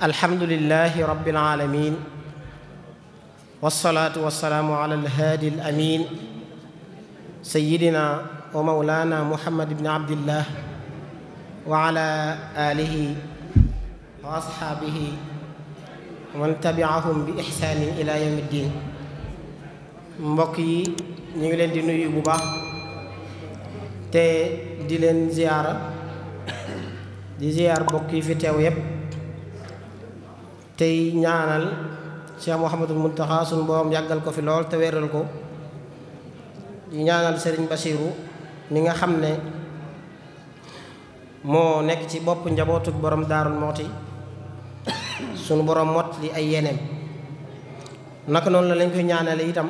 alhamdulilahi rabbil alamin wasalaatu wasalaamu ala alhaadi alamin sayidina wa maulana muhammad ibni abdillah wa ala alihi wa ashaabihi wa man tabiahum bi ixsaanin ila yawmi ddin mbokk yi ñu ngi leen di nuyu bu baax te di leen ziyaara di ziyaar mbokk yi fi teew yépp tey ñaanal Cheikh mun taxa sunu boroom yàggal ko fi lool te weeral ko di ñaanal Serigne Bassirou mi nga xam ne moo nekk ci bopp njabootuk borom daarul mooti sunu borom mot li ay yeneem naka noonu la lañ koy ñaanale itam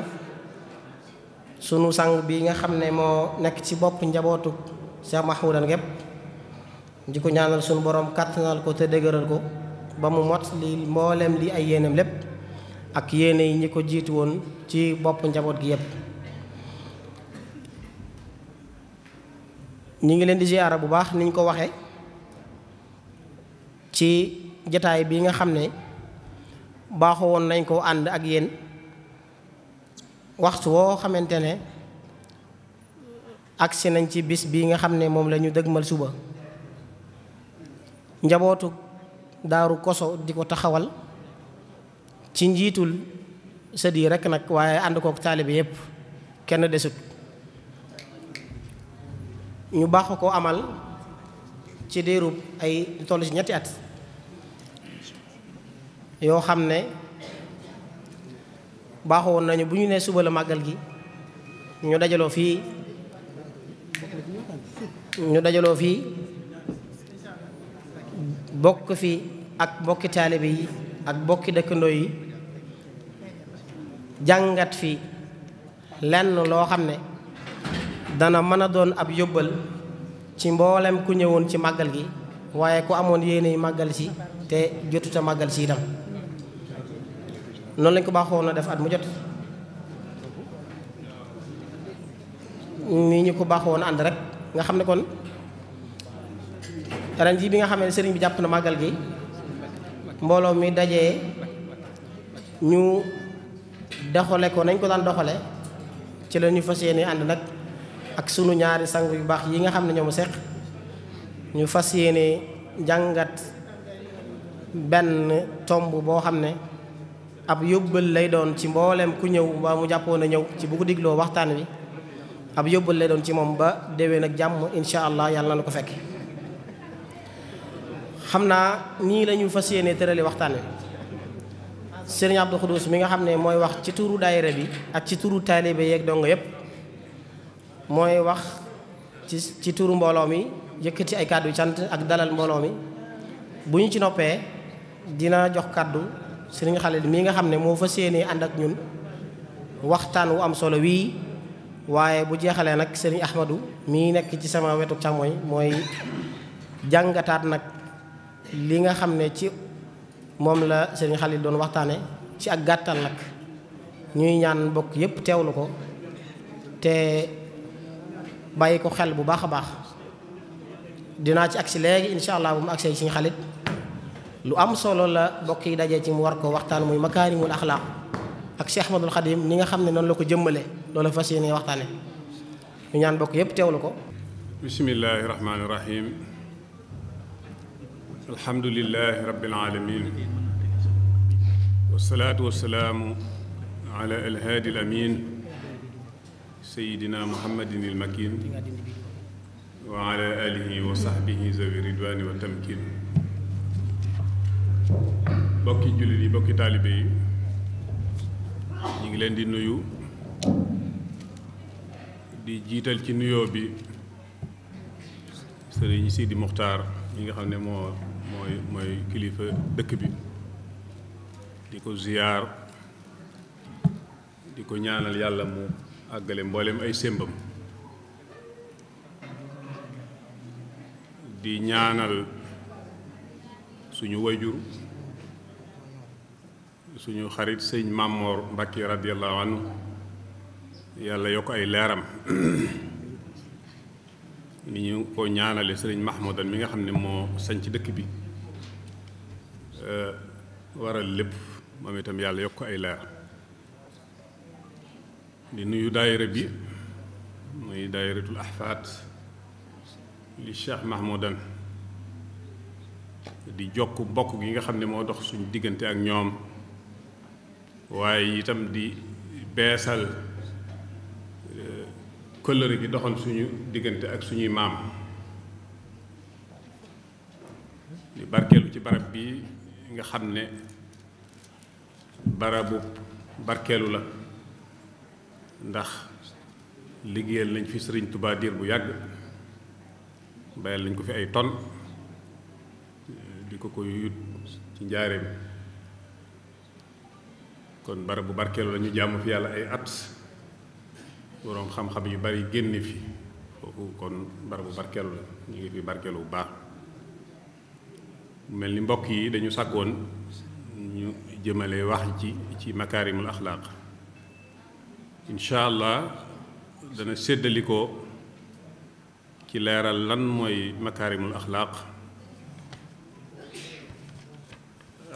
sunu sang bi nga xam ne moo nekk ci bopp njabootuk Cheikh Mahmoudan gépp di ko ñaanal sunu borom kàttanal ko te dëgëral ko ba mu mot li mbooleem li ay yéenam lépp ak yéene yi ñi ko jiitu woon ci bopp njaboot gi yépp ñi ngi leen di ziyaara bu baax niñ ko waxe ci jataay bi nga xam ne baaxu woon nañ koo ànd ak yéen waxtu woo xamante ne agsi nañ ci bis bi nga xam ne moom lañu ñu dëgmal suba njabootu daaru koso di ko taxawal ci njiitul sët yi rek nag waaye ànd kook taalibe yépp kenn desut ñu baax ko amal ci diirub ay lu toll ci ñetti at yoo xam ne baaxoo woon nañu bu ñu nee suba la màggal gi ñu dajaloo fii ñu dajaloo fii bokk fi ak mbokki taalibe yi ak mbokki dëkkandoo yi jàngat fi lenn loo xam ne dana mën a doon ab yóbbal ci mboolem ku ñëwoon ci màggal gi waaye ku amoon yéene màggal si te jotuta màggal si itam noonu lañ ko baaxoon a def at mu jot ñu ko baaxoon ànd rek nga xam ne kon ren ji bi nga xamee ne sëriñ bi jàpp na màggal gi mbooloo mi dajee ñu doxale ko nañ ko daan doxale ci la ñu fas yéene ànd nag ak sunu ñaari sang yu baax yi nga xam ne ñoom seq ñu fas yéene jàngat benn tomb boo xam ne ab yóbbal lay doon ci mbooleem ku ñëw ba mu jàppoon a ñëw ci bu ko digloo waxtaan wi ab yóbbal lay doon ci moom ba déwén ak jàmm incha allah yàlla na ko fekk xam naa nii lañu fa fas yéene waxtaan wi sëriñ Abdou Khoudous mi nga xam ne mooy wax ci turu daayira bi ak ci turu taalibe yeeg dongo yëpp mooy wax ci ci turu mbooloo mi yëkkati ay kàddu cant ak dalal mbooloo mi bu ñu ci noppee dina jox kàddu sëriñ Xalil mi nga xam ne moo fa yéene ànd ak ñun waxtaan wu am solo wii waaye bu jeexalee nag sëriñ Ahmadou mii nekk ci sama wetu càmmooñ mooy jàngataat nag. li nga xam ne ci moom la sëriñ Xalil doon waxtaane ci ak gàttal nag ñuy ñaan mbokk yépp teewlu ko te bàyyi ko xel bu baax a baax dinaa ci agsi léegi incha allah bu mu agsee sëriñ Xalil lu am solo la mbokk yi dajee ci mu war ko waxtaan muy makaarimul axlaaq ak Cheikh Ahmadul Xadim ni nga xam ne noonu la ko jëmmale loolu fas yéene waxtaane ñu ñaan mbokk yépp teewlu ko bismillahi alhamdulilahi rabbil alamin wasalaatu wasalaamu ala alhaadi alamin sayidina muhammadin almakin wa wa sahbihi zawi ridwani bokki jullit yi bokki taalibe yi ñu ngi leen di nuyu di jiital ci nuyo bi sëriñ Sidi Muxtaar yi nga xam ne moo mooy mooy kilifa dëkk bi di ko ziyaar di ko ñaanal yàlla mu àggale mboolem ay sémbam di ñaanal suñu wayjur suñu xarit sëñ Màmmoor Mbàkke radiyallahu anhu yàlla yokk ay leeram ni ñu ko ñaanale sëriñ Mahmoudan mi nga xam ne moo sañ ci dëkk bi euh, waral lépp moom itam yàlla yokk ay leer di nuyu daayira bi muy daayiratul ahfaat li Cheikh Mahmoudan di jokk bokk gi nga xam ne moo dox suñu diggante ak ñoom waaye itam di beesal kóllëre gi doxoon suñu diggante ak suñuy maam di barkeelu ci barab bi nga xam ne barabu barkeelu la ndax liggéeyal nañ fi sëriñ Touba bu yàgg bayal nañ ko fi ay ton di ko ko yut ci njaareem kon barabu barkeelu la ñu jàmm fi yàlla ay at boroom xam-xam yu bari génne fi foofu kon barabu barkeelu la ñu ngi fi barkeelu bu baax mel ni mbokk yi dañu sàkkoon ñu jëmale wax ci ci makaarimul axlaaq incha allah dana séddalikoo ci leeral lan mooy makaarimul axlaaq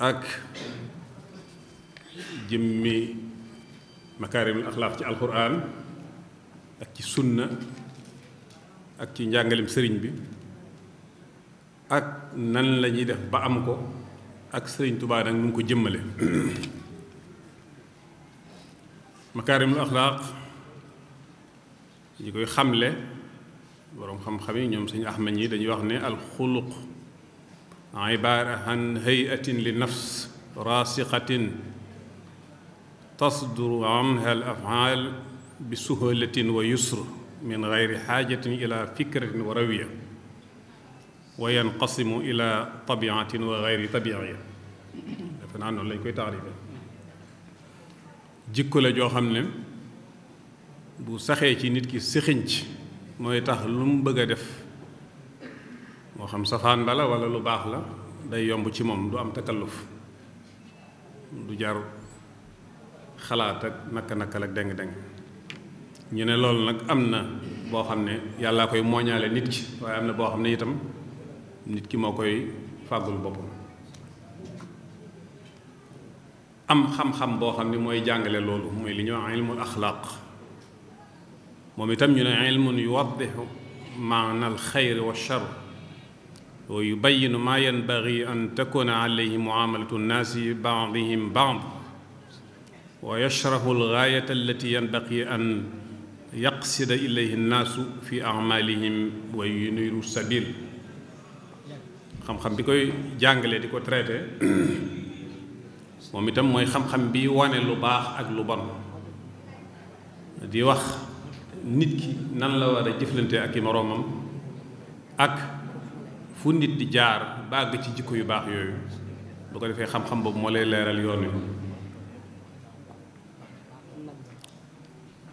ak jëmmi makaarimul axlaaq ci alquran ak ci sunna ak ci njàngalem sëriñ bi ak nan la ñuy def ba am ko ak sëriñ tubaab nag mu ko jëmmale makaarimul axlaaq ñi koy xamle boroom xam-xam yi ñoom suñu axma ñi dañuy wax ne alxuluq ibaara an hayatin li nafs raasiqatin tasduru anha al afaal bi suhalatin wa yusr min geyri xaajatin ila fikratin wa rawiya wa yanqasimu ila tabiatin wa geyri tabiia defe naa noonu lañ koy taarife jikko la joo xam ne bu saxee ci nit ki sëxiñ ci mooy tax lu mu bëgg a def moo xam safaan ba la lu baax la day yomb ci moom du am takalluf du jar xalaat ak naka nakal ak deng deng ñu ne loolu nag am na boo xam ne yàllaa koy mooñaale nit ki waaye am na boo xam ne itam nit ki moo koy fàggul boppam am xam-xam boo xam ne mooy jàngale loolu mooy li ñuy wax ilmul axlaaq moom itam ñu ne ilmun yuwaddihu maana al xayr wa char wa yubayinu maa yanbagi an takuna alayhi muamalatu nnaasi baadihim baad wa yashrahu al gaayata allati yanbagi an yaqsida ilayhi naasu fi amalihim wa yuniru sabil xam-xam bi koy jàngalee di ko traité moom itam mooy xam-xam bi wane lu baax ak lu bon di wax nit ki nan la war a jëflante ak i moroomam ak fu nit di jaar bàgg ci jikko yu baax yooyu bu ko defee xam-xam boobu moo lay leeral yoon wi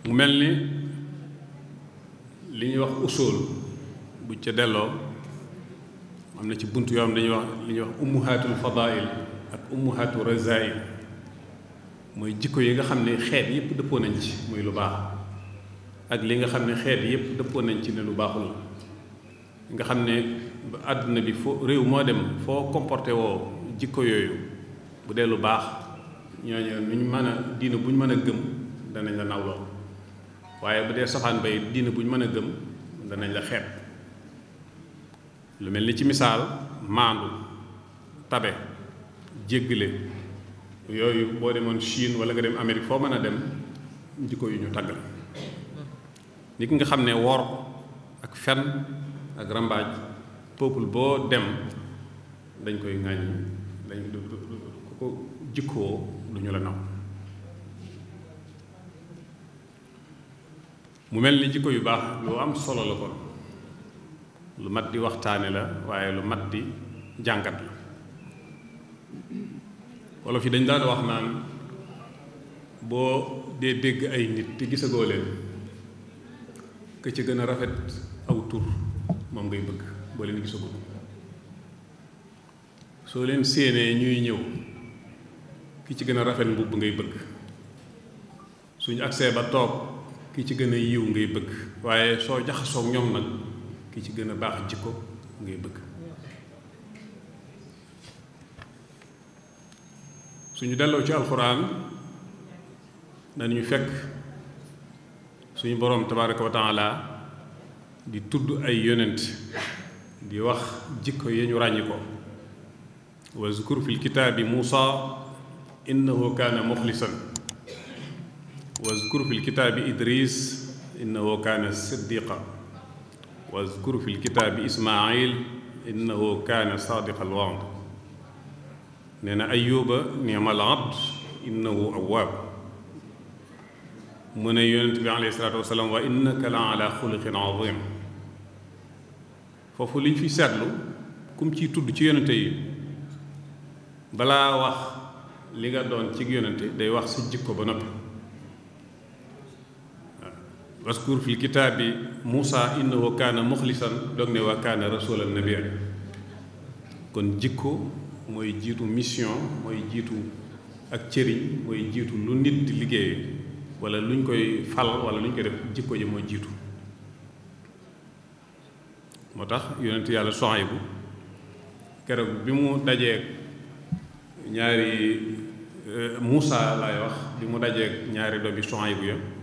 mu mel ni li ñuy wax usul buñ ca delloo am na ci bunt yoo dañuy wax li ñuy wax ummuhatul fadail ak ummuhatu razail mooy jikko yi nga xam ne xeet yépp dëppoo nañ ci muy lu baax ak li nga xam ne xeet yépp dëppoo nañ ci ne lu baaxul la nga xam ne àdduna bi foo réew moo dem foo comporté woo jikko yooyu bu dee lu baax ñooñu ñu mën a diina buñ ñu mën a gëm danañ la nawloo waaye bu dee safaan bay diine bu ñu mën a gëm danañ la xeeb lu mel ni ci misaal maandu tabe jéggale yooyu boo demoon Chine wala nga dem Amérique foo mën a dem jikko yu ñu tagg la nit ki nga xam ne wor ak fen ak rambaaj peuple boo dem dañ koy ŋàññ dañ ko jikkoo du ñu la naw mu mel ni jikko yu baax lu am solo la kon lu mat di waxtaane la waaye lu mat di jàngat la wolof yi dañ daan wax naan boo dee dégg ay nit te gisagoo leen ka ci gën a rafet aw tur moom ngay bëgg boo leen gisagoo soo leen séenee ñuy ñëw ki ci gën a rafet mbubb ngay bëgg suñu agsee ba toog ki ci gën a yiw ngay bëgg waaye soo jaxasoog ñoom nag ki ci gën a baax jikko ngay bëgg suñu delloo ci alxuraan dañuy fekk suñu boroom tabaraka wa di tudd ay yonent di wax jikko yi ñu ràññi ko wazkur fil kitaabi muusa innahu kaana muxlisan wazkur fi lkitaabi idris innahu kaana siddiqa wazkur fi lkitaabi ismail innahu kaana saadiqa alwa'd nee na ayuba ni'mal abd innahu awwaab mu ne yonent bi alayhi salaatu wasalaam wa innaka la ala xuluqin foofu liñ fi seetlu kum ciy tudd ci yonente yi balaa wax li nga doon ci yonente day wax sa ko ba noppi waskur fil kitaabi Moussa innahu kaana muxlisan doog ne waa kaana rasulan nabiyyan kon jikko mooy jiitu mission mooy jiitu ak cëriñ mooy jiitu lu nit di liggéeye wala luñ koy fal wala luñ koy def jikko ji mooy jiitu moo tax yonent yàlla Suhaybu keroog bi mu dajeeg ñaari euh, Moussa laay wax bi mu dajeeg ñaari doomi Suhaybu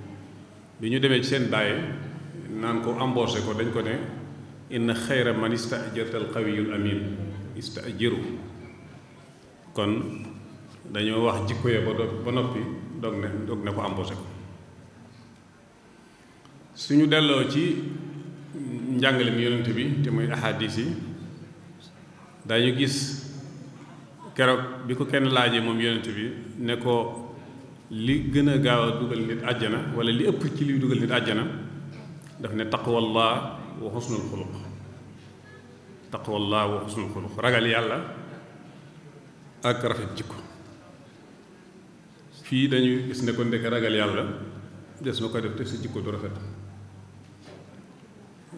bi ñu demee ci seen bàyyi naan ko embauché ko dañ ko ne inna xayra man istajarta al qawiyul amin istajiru kon dañoo wax jikko ya ba noppi doog ne doog ne ko embauché ko suñu delloo ci njàngale mi yonent bi te muy ahadis yi dañu gis keroog bi ko kenn laajee moom yonent bi ne ko li gën a gaaw a dugal nit àjjana wala li ëpp ci liy dugal nit àjjana daf ne taqwallah wa xusnul xuluq taqwallah wa xusnul xuluq ragal yàlla ak rafet jikko fii dañuy gis ne ko ndek ragal yàlla des na ko def te sa jikko du rafet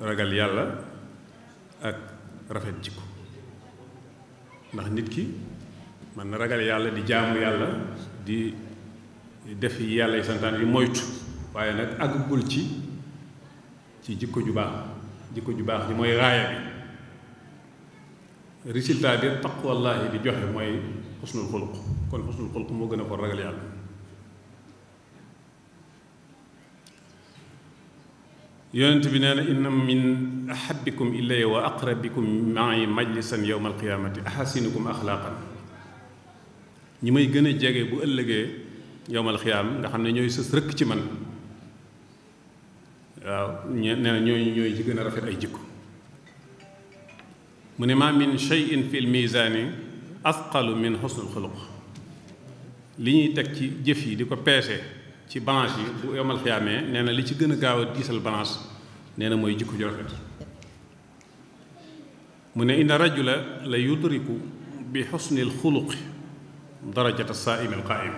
ragal yàlla ak rafet jikko ndax nit ki man na ragal yàlla di jaamu yàlla di def yi yàlla yi santaan yi moytu waaye nag àggul ci ci jikko ju baax jikko ju baax ji mooy raaya bi résultat bi taqwallaahi di joxe mooy xusnul xulq kon xusnul xulq moo gën a ko ragal yàlla yonent bi nee na inna min ahabikum ilaya wa aqrabikum maay majlisan yowma alqiyaamati ahasinukum axlaaqan ñi may gën a jege bu ëllëgee yowmal xiyaam nga xam ne ñooy sës rëkk ci man waaw nee na ñooñu ñooy ci gën a rafet ay jikko mu ne maa min cheyin fi l misaani asqalu min xusnul xuluq li ñuy teg ci jëf yi di ko peese ci balance yi bu yomal xiyaamee nee na li ci gën a gaaw a diisal balance nee na mooy jikko ju rafet mu ne inna rajula la yudriku bi xusnil xuluqi darajata saaimi alqaayim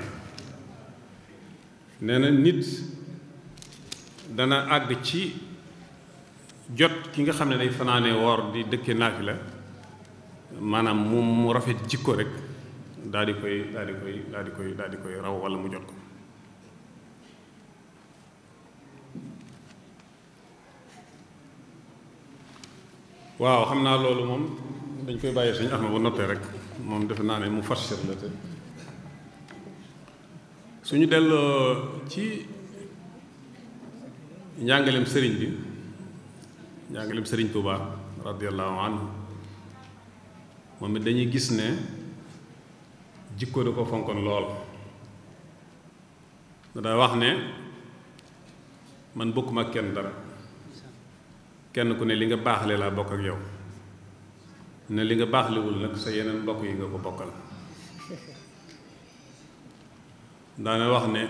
nee na nit dana àgg ci jot ki nga xam ne day fanaane woor di dëkke naafi la maanaam mu mu rafet jikko rek daal di koy daal di koy daal di koy daal di koy raw walla mu jot ko waaw xam naa loolu moom dañ koy bàyyi suñu axma bu noppee rek moom defe naa ne mu fassir la te suñu delloo ci njàngaleem sëriñ bi njàngaleem sëriñ Touba radiyallahu anhu moom it dañuy gis ne jikko da ko fonkoon lool daa wax ne man bokkuma ak kenn dara kenn ku ne li nga baaxale laa bokk ak yow ne li nga baaxlewul nag sa yeneen mbokk yi nga ko bokkal daane wax ne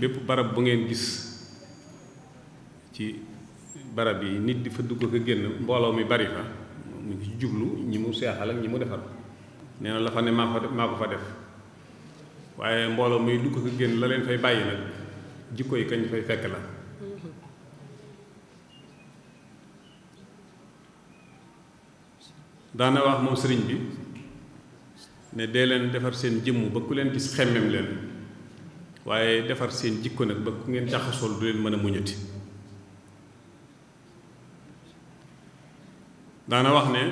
bépp barab bu ngeen gis ci barab yi nit di fa dugg ko génn mbooloo mi bari fa mu ngi jublu ñi mu seexal ak ñi mu defar nee na la fa ne maa ko maa ko fa def waaye mbooloo muy dugg ko génn la leen fay bàyyi nag jikko yi kañ fay fekk la daana wax moom sëriñ bi ne dee leen defar seen jëmm ba ku leen gis xemmem leen waaye defar seen jikko nag ba ku ngeen sol du leen mën a muñati daana wax ne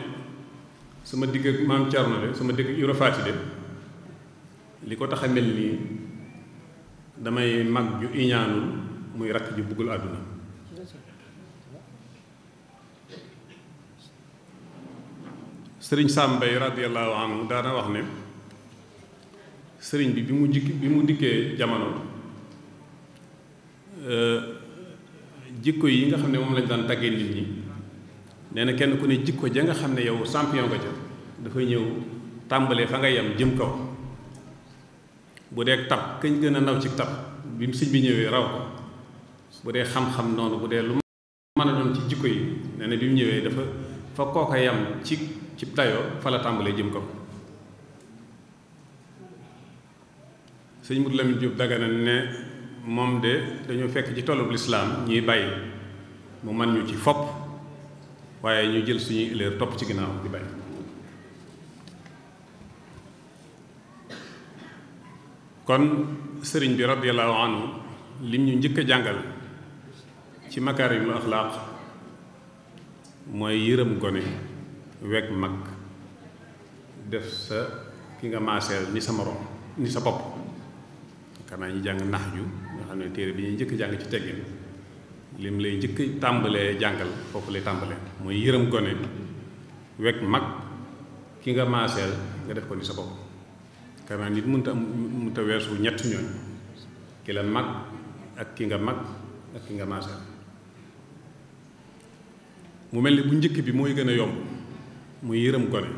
suma digg ak maam Thierno de sama digg ak de li ko tax a mel nii damay mag ju iñaanul muy rakk ju buggul àdduna sëriñ Sàmbay radiallahu anhu daana wax ne sëriñ bi bi mu jikki bi mu dikkee jamono euh, jikko yi nga xam ne moom lañ daan tàggee nit ñi nee na kenn ku ne jikko ja nga xam ne yow champion nga ca dafay ñëw tàmbalee fa nga yem jëm kaw bu dee tab kañ gën a naw ci tab bi mu bi ñëwee raw ko bu dee xam-xam noonu bu dee lu mën a doon ci jikko yi nee bi ñëwee dafa fa kooka yem ci ci dayoo fa tàmbalee jëm ko sëñ Mourou Lamine Diop Dagana ne moom de dañoo fekk ci tollub lislaam ñuy bàyyi mu man ñu ci fopp waaye ñu jël suñuy ileer topp ci ginnaaw di bàyyi kon sëriñ bi radiallahu anhu lim ñu njëkk a jàngal ci makaarimul axlaaq mooy yërëm gone weg mag def sa ki nga maaseel ni sa morom ni sa bopp kanaa ñi jàng nax yu nga xam ne téere bi ñuy njëkk jàng ci tegee lim lay njëkk tàmbalee jàngal foofu lay tàmbalee mooy yërëm gone weg mag ki nga maaseel nga def ko ni sa bopp kanaa nit mënta am mënta weesu ñett ñooñ ki la mag ak ki nga mag ak ki nga maaseel mu mel ni bu njëkk bi mooy gën a yomb muy yërëm gone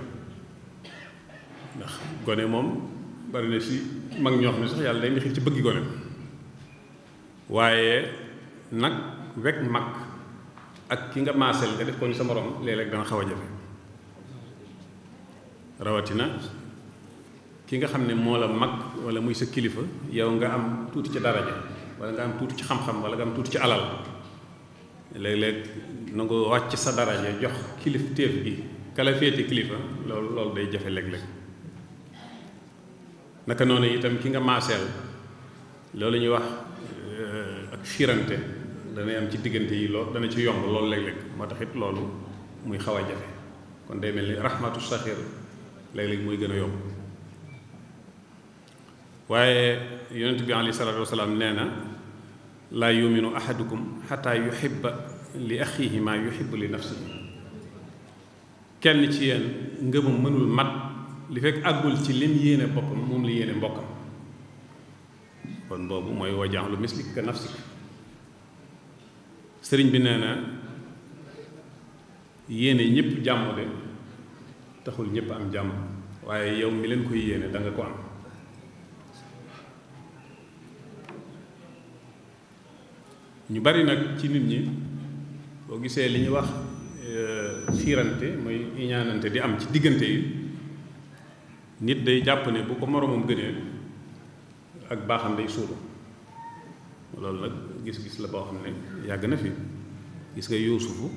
ndax gone moom bari na si mag ñoo xam ne sax yàlla day mi xir ci bëggi gone waaye nag wekk mag ak ki nga maasel nga def ko ni sa moroom léeg-léeg dana xaw a jafe rawatina ki nga xam ne moo la mag wala muy sa kilifa yow nga am tuuti ci daraja wala nga am tuuti ci xam-xam wala nga am tuuti ci alal léeg-léeg na nga wàcc sa daraja jox kilif téef gi kala féete kilifa loolu loolu day jafe léeg-léeg naka noonu itam ki nga maaseel loolu ñuy wax euh, ak firante danay am ci diggante yi lool dana ci yomb loolu léeg-léeg moo tax loolu muy xaw a jafe kon day mel ni rahmatu saxir léeg-léeg muy gën a yomb waaye yonent bi alayhi salaatu wasalaam nee na laa yuminu ahadukum xataa yuhibba li axihi maa yuhibbu li nafsihi kenn ci yéen ngëmam mënul mat li fekk àggul ci lim yéene boppam moom la yéene mbokkam kon boobu mooy wajaxlu mislik ka nafsik sëriñ bi nee na yéene ñëpp jàmm de taxul ñëpp am jàmm waaye yow mi leen ko yéene da nga ko am ñu bari nag ci nit ñi boo gisee li ñu wax fiirante euh, mooy iñaanante di am ci diggante yi nit day jàpp ne bu ko moromam gënee ak baaxam day suulu loolu nag gis-gis la boo xam ne yàgg na fi gis nga yuusufu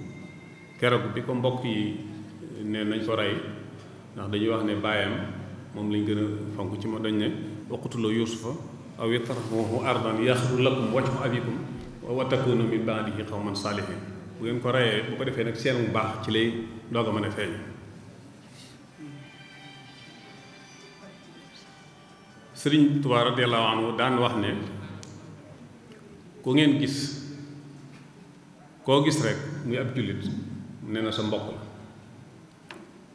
keroog bi ko mbokk yi euh, ne nañ ko rey ndax dañuy wax ne baayam moom lañ gën a fonk ci ma dañ ne uqtuluu yuusufa aw itrahuuhu ardan yaxru lakum wajhu abiikum wa takuunu min ba'dihi qawman saalihiin bu ngeen ko reyee bu ko defee nag seen bu baax ci lay doog a mën a feeñ sëriñ Tuubaa radiyallaahu anhu daan wax ne ku ngeen gis koo gis rek muy ab jullit nee na sa mbokk la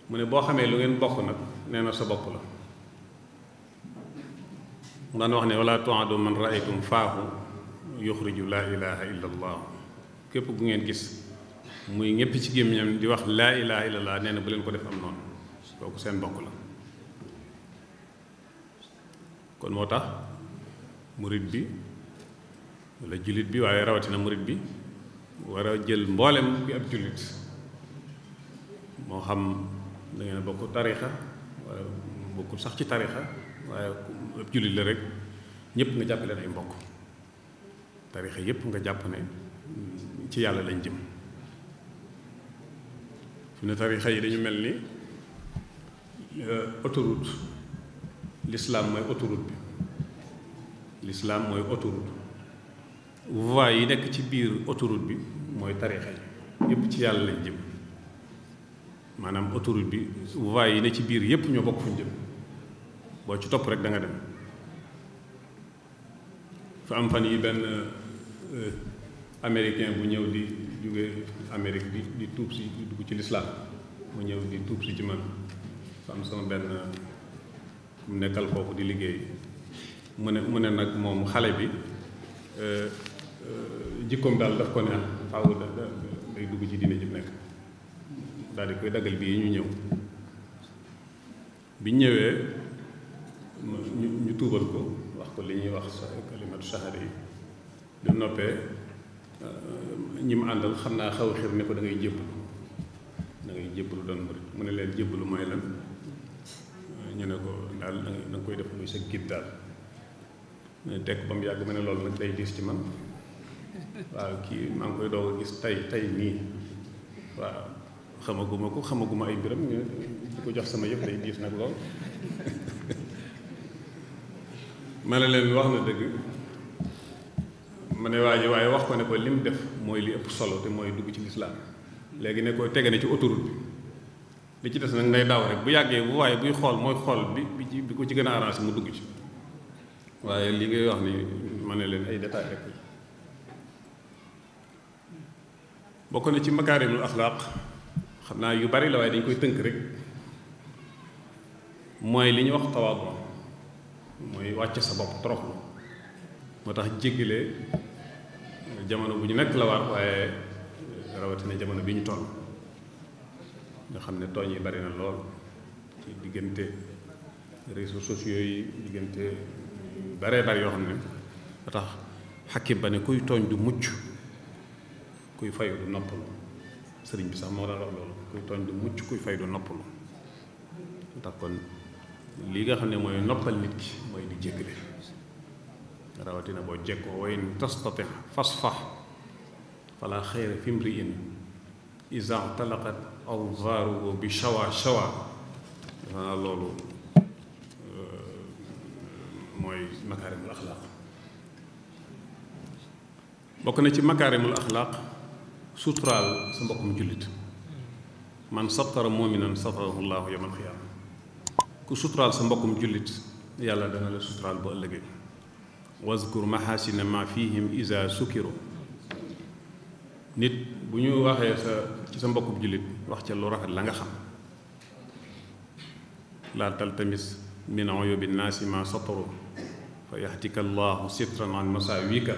mu ne boo xamee lu ngeen bokk nag nee na sa bopp la daan wax ne wala tuadu man raaytum faahu yuxriju laa ilaha illa allah képp ku ngeen gis muy ñépp ci gémmiñam di wax laa ilaha illallah nee na bu leen ko def am noonu kooku seen bokk la kon moo tax murit bi wala jullit bi waaye rawatina murit bi war a jël mboolem bi ab jullit moo xam da ngeen bokk tarixa wala bokkul sax ci tarixa waaye ab jullit la rek ñépp nga jàpp leen ay mbokk tarixa yëpp nga jàpp ne ci yàlla lañ jëm fi ne tarixa yi dañu mel ni euh, autoroute lislaam mooy autoroute bi l'islam mooy autoroute voie yi nekk ci biir autoroute bi mooy tarixa yi yépp ci yàlla lañ jëm maanaam otorut bi voie yi ne ci biir yépp ñoo bokk fuñ jëm boo ci topp rek danga dem fa am fan yi benn euh, américain bu ñëw di jóge Amérique di di tuub si di dugg ci lislaam mu ñëw di tuub si ci man am sama benn ku nekkal foofu di liggéey mu ne mu ne nag moom xale bi euh, euh, jikkoom daal daf ko ne ah, faaw da day dugg ci diine ji nekk daal di koy daggal bii ñu ñëw bi ñëwee ñu tuubal ko wax ko li ñuy wax kalimatu shahada yi du noppee Euh, ñi mu àndal xam naa xaw xir ne ko da ngay jébbalu da ngay doon murit mu ne leen jébbalu mooy lan euh, ñu ne ko daal da nga koy def muy sa gitt daal tekk ba mu yàgg ma ne loolu nag day diis ci man waaw kii maa ngi koy doog a gis tey tey nii waaw xamaguma ko xamaguma ay mbiram ñu di ko jox sama yëpp day diis nag lool ma leen wax na dëgg mu ne waa ji waaye wax ko ne ko lim def mooy li ëpp solo te mooy dugg ci lislaam léegi ne ko tege na ci autoroute bi li ci des nag ngay daw rek bu yàggee bu waaye buy xool mooy xool bi bi bi ko ci gën a arrangé mu dugg ci waaye li ngay wax ni ma ne leen ay détails rek bokk na ci makaarimul axlaaq xam naa yu bari la waaye dañ koy tënk rek mooy li ñu wax tawaadu mooy wàcc sa bopp toroxlu moo tax jéggale jamono bu ñu nekk la war waaye rawatina jamono bi ñu toll nga xam ne tooñ yi bari na lool ci diggante réseaux sociaux yi diggante baree bari yoo xam ne ba tax xakim ne kuy tooñ du mucc kuy fay du noppalu sëriñ bi sax moo daan loolu kuy tooñ du mucc kuy fay du noppalu tax kon lii nga xam ne mooy noppal nit ki mooy di jéggale rawatina boo jekkoo wa in tastati fasfax fala xayra fi mriin isa talaqat awzaaruhu bi shawa shawa dafa naa loolu euh, mooy makaarimul axlaaq bokk na ci makaarimul axlaaq suturaal sa mbokkum jullit man satara muminan satarahu llaahu yawmal qiyaama ku suturaal sa mbokkum jullit yàlla dana la suturaal ba ëllëgee waskur mahasina ma fihim isa sukkiru nit bu ñu waxee ci sa mbokkub jullit wax ca lu rafet la nga xam laa taltamis min uyubi naasi ma sataru fa yaxtika allahu sitran an masaawika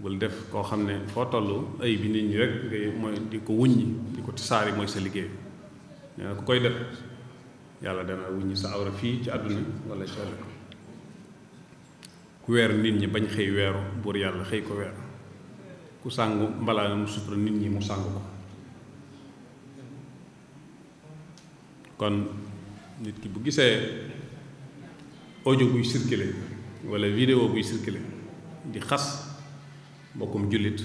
bul def koo xam ne foo toll ay bi nit ñi rek ngay mooy di ko wuññi di ko tisaari mooy sa liggéey nee na ku koy def yàlla dana wuññi sa awra fii ci àdduna wala ci àllaaxira ku weer nit ñi bañ xëy weeru buur yàlla xëy ko weer ku sàngu mbalaana mu sutura nit ñi mu sàng ko kon nit ki bu gisee audio buy circulé wala vidéo buy circulé di xas mbokkum jullit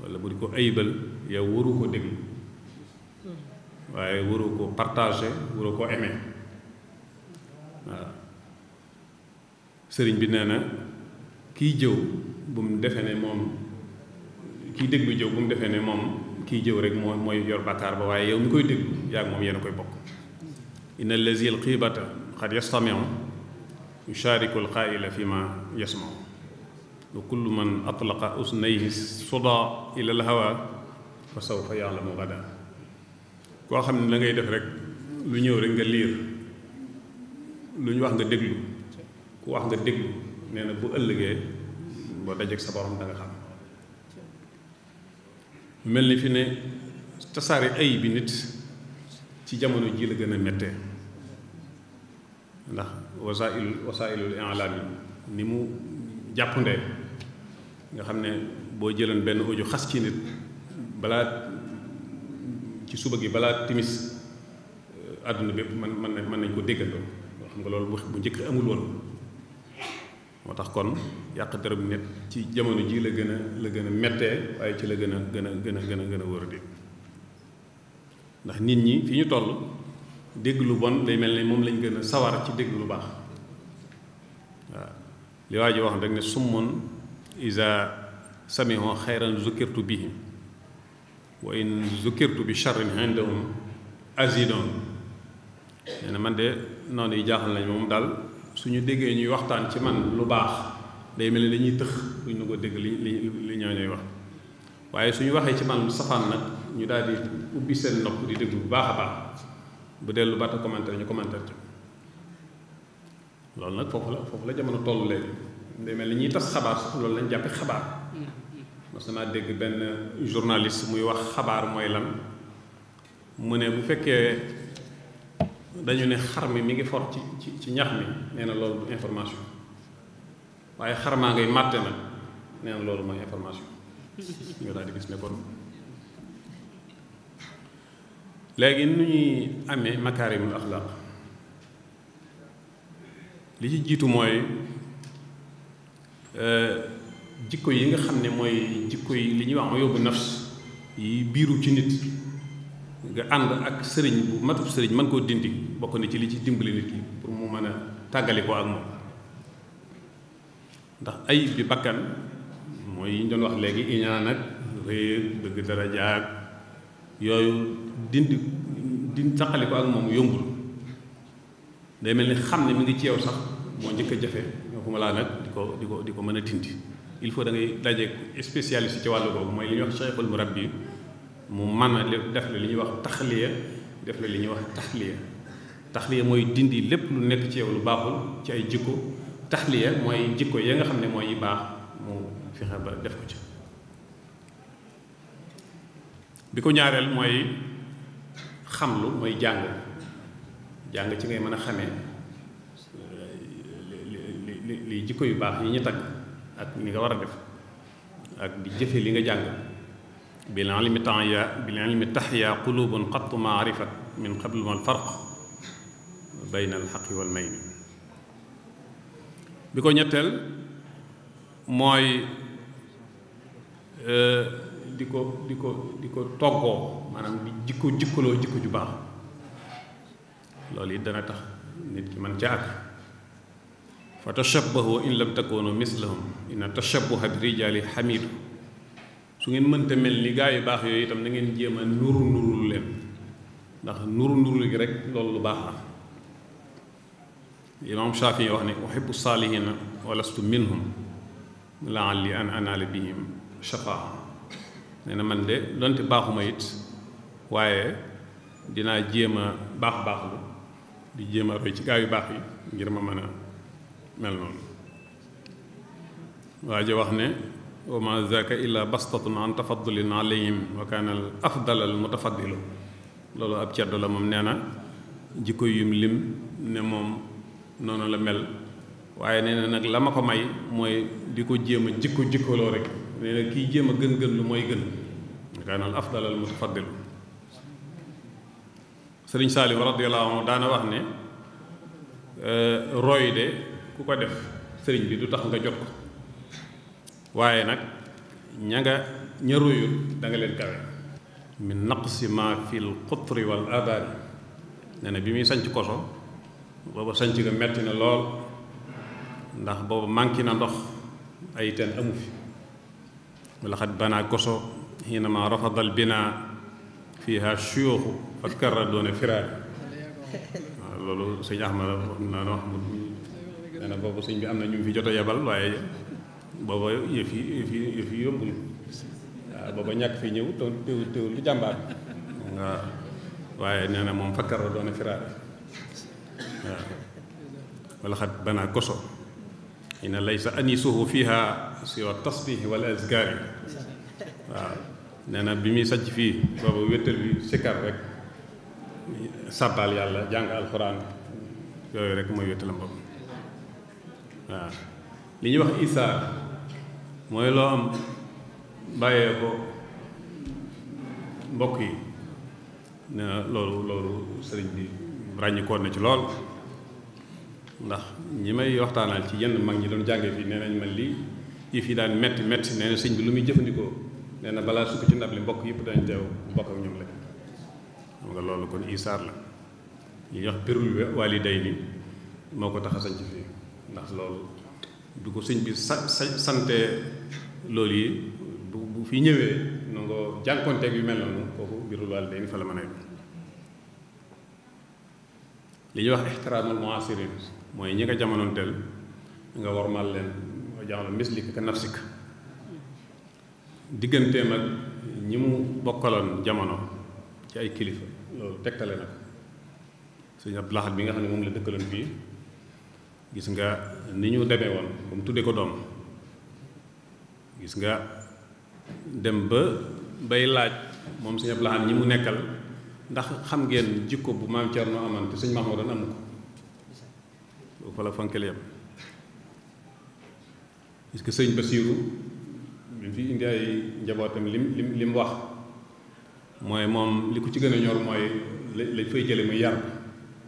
wala bu di ko ayibal yow waru ko déglu hmm. waaye waru ko partagé waru ko aimé waaw sëriñ bi nee na kiy jëw bu mu defee ne moom kiy déglu jëw bu mu defee ne moom kiy jëw rek moo mooy yor bàkkaar ba waaye yow mi koy déglu yaa moom yéen a koy bokk inna allazi al xiibata xad yastamiu yushariku al xaaila fi ma yasmau wa kullu man atlaqa usnayhi soda ila al hawa fa sawfa yaalamu gada koo xam ne dangay def rek lu ñëw rek nga liir lu wax nga déglu ku wax nga déglu nee na bu ëllëgee boo dajeek sa borom da nga xam mel ni fi ne tasaare ay bi nit ci jamono ji la gën a mettee ndax wasail wasailul i'lam yi ni mu jàppandee nga xam ne boo jëloon benn audio xas ci nit balaa ci suba gi balaa timis euh, àdduna bépp man mën nañ ko déggandoo loo xam nga loolu bu njëkk amul woon moo tax kon yàq dërëm nit ci jamono ji la gën a la gën a mettee waaye ci la gën a gën a gën a gën a gën a wër ndax nit ñi fi ñu toll dégg lu bon day mel ni moom lañ gën a sawar ci dégg lu baax waaw li waa ji wax rek ne summun isa samiho xayran zukirtu bihim wa in zukirtu bi charrin indahum azidon nee man de noonu yi jaaxal nañ moom daal suñu déggee ñuy waxtaan ci man lu baax day mel ni dañuy tëx duñ na ko dégg li li li ñoo ñooy wax waaye suñu waxee ci man lu safaan nag ñu daal di ubbi seen nopp di déglu bu baax a baax bu dellu bata commentaire ñu commentaire ci loolu nag foofu la foofu la jamono tollu léegi day mel ni ñuy tas xabaar sax loolu lañ jàppe xabaar mos naa dégg benn journaliste muy wax xabaar mooy lan mu ne bu fekkee dañu ne xar mi mi ngi for ci ci ci ñax mi nee na loolu information waaye xar maa ngay màtte nag nee loolu mooy information nga daal di gis ne kon léegi nu ñuy amee makaarimul axlaaq li ci jiitu mooy euh, jikko yi nga xam ne mooy jikko yi li ñuy wax ma yóbbu nafs yi biiru ci nit nga ànd ak sëriñ bu matub sëriñ mën koo dindi bokk na ci li ci dimbali nit ki pour mu mën a tàggali ko ak moom ndax ayib bi bakkan mooy yi ñu doon wax léegi iñaan ak réer bëgg dara yooyu dindi dindi tàqali ko ak moom yombul day mel ni xam ne mu ngi ceew sax moo njëkk jafe ñoo ko ma laa nag di ko di ko di ko mën a dindi il faut da ngay dajeek spécialiste ci wàll boobu mooy li ñuy wax cheikhul murabbi mu mën a def la li ñuy wax taxliya def la li ñuy wax taxliya taxliya mooy dindi lépp lu nekk ci yow lu baaxul ci ay jikko taxliya mooy jikko ya nga xam ne mooy yi baax mu fexe ba def ko ci bi ko ñaareel mooy xamlu mooy jàng jàng ci ngay mën a xamee li li jikko yu baax yi ñu tagg ak ni nga war a def ak di jëfe li nga jàng bil ilmi tahya bil ilmi tahya qulubun qattu ma arifat min qablu ma alfarq bayna alxaqi wal mayni bi ko ñetteel mooy euh, di ko di ko di ko toggoo maanaam di jikko jikkaloo jikko ju baax loolu it dana tax nit ki mën ca fa tashabbahu in lam takunu mislahum inna tashabbuha bi rijaali xamiidu su ngeen mënta mel ni gaa yu baax yooyu itam na ngeen jéema a nuru nurul leen ndax nuru nurul gi rek loolu baax la imaam Shaafi wax ne uhibbu saalihiina wa lastu minhum la'allii an anaala bihim shafaa nee na man de donte baaxuma it waaye dinaa jéem a baax baaxlu di jéem a roy ci gaa yu baax yi ngir ma mën a mel noonu waa ji wax ne wa ma zaaka illa bastatun an tafaddulin alayhim wa kaana al afdal al mutafaddilu loolu ab ceddo la moom nee na jikko yum lim ne moom noonu la mel waaye nee na nag la ma ko may mooy di ko jéem a jikko jikkoloo rek nee na kii jéem a gën gën lu mooy gën wa kaana al afdal al mutafaddilu sëriñ Saalim radiyallahu daana wax ne eh, roy de ku ko def sëriñ bi du tax nga jot ko waaye nag ña nga ña ruyul da leen kawe min naqsi ma fil xutri wal abaari nee bi muy sanc koso booba sañc ga metti na lool ndax booba manqué na ndox ay teen amu fi wala banaa koso xiinama rafadal binaa fiha suyooxu fa karra doona firaari waaw loolu sëñ Ahmad wax na wax mu nee na boobu sëñ bi am na ñu fi jot a yebal waaye booba yëf yi yëf yi yëf waaw booba ñàkk fi ñëw doon teewul lu jàmbaar waaw waaye nee na moom fakkar la doon a firaare waaw wala xat banaa koso ina laysa anisuhu fiha siwa tasbihi wala azkaari waaw nee na bi muy sàcc fii booba wéttal bi rek sàbbaal yàlla jàng alxuraan yooyu rek mooy wéttalam boobu waaw li ñuy wax isaar mooy loo am bàyyee mbokk yi na loolu loolu sëriñ bi ràññikoon na ci lool ndax ñi may waxtaanal ci yenn mag ñi doon jànge fii nee nañ ma lii yi fii daan metti metti nee na sëñ bi lu muy jëfandikoo nee na balaa sukk ci ndab li mbokk yëpp dañ teew mbokk ak ñoom la loolu kon isaar la ñuy wax pirul waliday ni moo ko tax a sañ ci fii ndax loolu du ko sëñ bi sante loolu yi bu bu fi ñëwee nangoo jànkonteeg yu mel noonu kooku mbiru laal day fa la mën a li ñuy wax ixtiraamul muasirin mooy ñi nga jamonoonteel nga warmal leen jamono mislika ka nafsika digganteem ñi mu bokkaloon jamono ci ay kilifa loolu tegtale na ko sëñ Abdou bi nga xam ne moom la dëkkaloon fii gis nga ni ñu demee woon ba mu tuddee ko doom gis nga dem ba bay laaj moom sëñ Abdou Lahad ñi mu nekkal ndax xam ngeen jikko bu maam Thierno amoon te sëñ Mahmoudan amu ko fa la fonkeel yam parce que sëñ Basiiru bi fi indi ay njabootam lim lim lim wax mooy moom li ko ci gën a ñor mooy lañ fay jële muy yar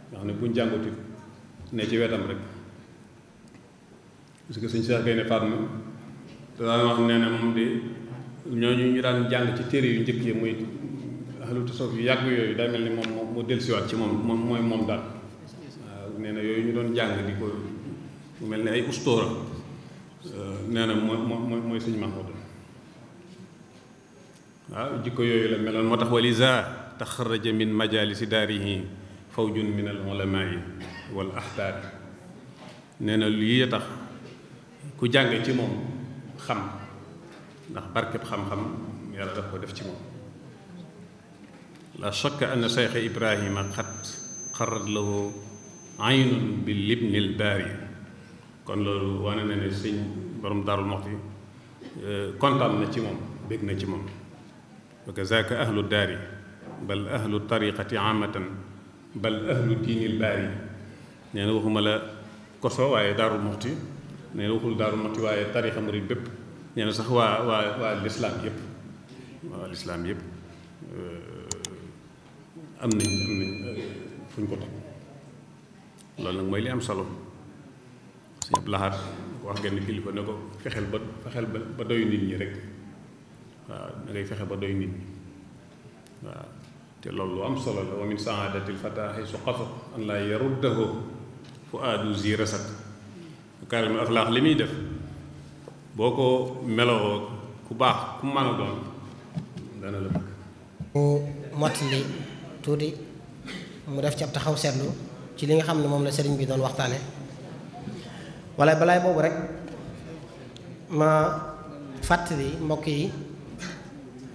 nga xam ne buñ jànguti ne ci wetam rek parce que sëñ Cheikh Gaynde Fatma danaa wax nee moom de ñooñu ñu daan jàng ci téere yu njëkk yi muy ahlu yu yàgg yooyu day mel ni moom moo dellusiwaat ci moom moom mooy moom daal waaw na yooyu ñu doon jàng di mel ni ay ustóora euh, nee na mooy mooy mooy sëñ Mahmoud waaw jikko yooyu la meloon moo tax waliza taxaraja min majalisi daarihi fawjun min al ulamai wal ahbaar nee na lii tax ku jànge ci moom xam ndax barkeb xam-xam yàlla daf ko def ci moom la shakka an cheikh ibrahima xat xarat lahu aynun bi libnil baari loolu wane na ne sëñ borom daarul moxti euh, kontaan na ci moom bég na ci moom wa kazaka ahlu daari bal ahlu tariqati waaye daarul moxti nee na waxul daaru moti waaye tarixa murit bépp nee sax waa waa waa lislaam yëpp waa lislaam yépp euh, am nañ am nañ euh, fuñ ko teg loolu nag mooy li am solo sëñ Abdou Lahad wax genn kilifa ne ko fexeel ba fexeel ba doy nit ñi rek waaw ngay fexe ba doy nit ñi waaw te loolu lu am solo la wa min saadatil fata xaysu qasat an laa yaruddahu fuaadu zi rasat karim axlaax li muy def boo ko melowoo ku baax ku mën a doon dana la bëgg tuuti mu def ci ab taxaw seetlu ci li nga xam ne moom la sëriñ bi doon waxtaane wala balaay boobu rek ma fàttali mbokk yi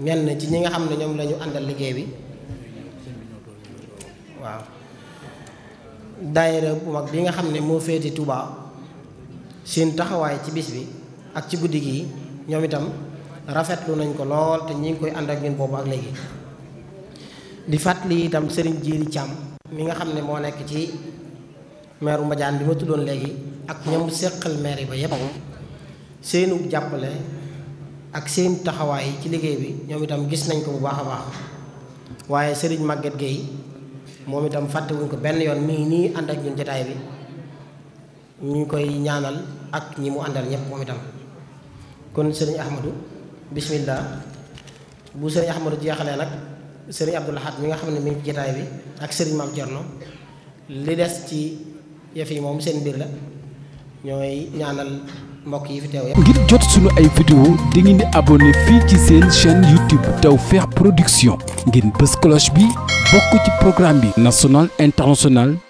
ñenn ci ñi nga xam ne ñoom lañu àndal liggéey bi waaw daayira bu mag bi nga xam ne moo féete Touba seen taxawaay ci biis bi ak ci guddi gi ñoom itam rafetlu nañ ko lool te ñi ngi koy ànd ak ñun boobu ak léegi di fàttali itam sëriñ Jiiri Thiam mi nga xam ne moo nekk ci meeru Mbadiane bi ma tuddoon léegi ak ñoom seqal maire yi ba yépp seenu jàppale ak seen taxawaay ci liggéey bi ñoom itam gis nañ ko bu baax a baax waaye sëriñ Maguette Gueye moom itam fàttewuñ ko benn yoon mi ngi nii ànd ak ñun jotaay bi ñu ngi koy ñaanal ak ñi mu àndal ñëpp moom itam kon sëriñ Ahmadu bismillah bu sëriñ Ahmadu jeexalee nag sëriñ Abdul Ahad mi nga xam ne mi ngi jataay bi ak sëriñ Maam Cerno li des ci yëf yi moom seen mbir la ñooy ñaanal mbokk yi fi teew ya ngir jot sunu ay vidéo di ngeen di abonné fii ci seen chaîne YouTube Tawfekh Production ngeen bës cloche bi bokk ci programme bi national international